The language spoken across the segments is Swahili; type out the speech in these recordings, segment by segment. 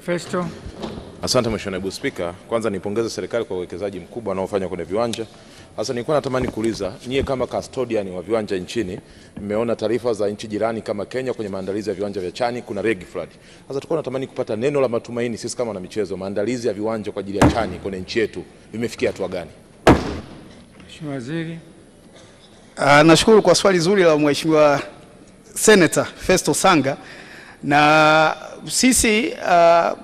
Festo. Asante Mheshimiwa Naibu Spika, kwanza nipongeze serikali kwa uwekezaji mkubwa wanaofanya kwenye viwanja. Sasa nilikuwa natamani kuuliza nyie kama custodian wa viwanja nchini, mmeona taarifa za nchi jirani kama Kenya kwenye maandalizi ya viwanja vya Chani kuna reg flood. Sasa tulikuwa natamani kupata neno la matumaini sisi kama na michezo, maandalizi ya viwanja kwa ajili ya Chani kwenye nchi yetu vimefikia hatua gani? Mheshimiwa Waziri. Ah, nashukuru kwa swali zuri la Mheshimiwa Senator Festo Sanga na sisi uh,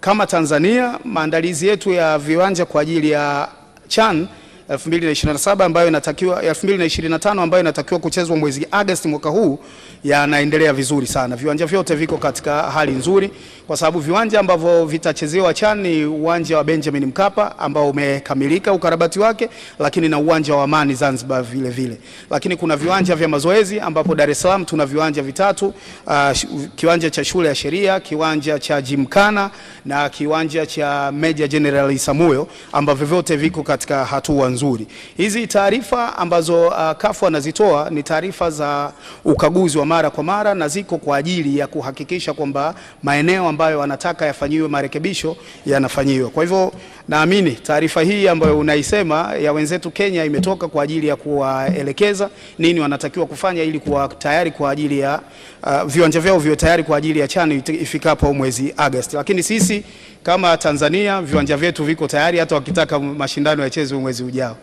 kama Tanzania maandalizi yetu ya viwanja kwa ajili ya CHAN 2027 ambayo inatakiwa 2025 ambayo inatakiwa kuchezwa mwezi Agosti mwaka huu yanaendelea vizuri sana. Viwanja vyote viko katika hali nzuri, kwa sababu viwanja ambavyo vitachezewa CHAN ni uwanja wa Benjamin Mkapa ambao umekamilika ukarabati wake, lakini na uwanja wa Amani Zanzibar vile vile. Lakini kuna viwanja vya mazoezi ambapo Dar es Salaam tuna viwanja vitatu, uh, kiwanja cha shule ya sheria, kiwanja cha Jimkana na kiwanja cha Meja General Isamuyo ambavyo vyote viko katika hatua nzuri nzuri. Hizi taarifa ambazo uh, kafu anazitoa ni taarifa za ukaguzi wa mara kwa mara na ziko kwa ajili ya kuhakikisha kwamba maeneo ambayo anataka yafanyiwe marekebisho yanafanyiwa. Kwa hivyo naamini taarifa hii ambayo unaisema ya wenzetu Kenya imetoka kwa ajili ya kuwaelekeza nini wanatakiwa kufanya ili kuwa tayari kwa ajili ya uh, viwanja vyao viwe tayari kwa ajili ya CHAN ifikapo mwezi Agosti. Lakini sisi kama Tanzania viwanja vyetu viko tayari hata wakitaka mashindano yachezwe mwezi ujao yao.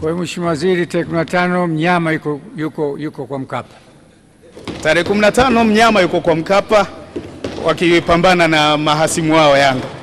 Kwa hiyo Mheshimiwa Waziri, tarehe 15 mnyama yuko, yuko, yuko kwa Mkapa. Tarehe 15 mnyama yuko kwa Mkapa wakipambana na mahasimu wao Yanga.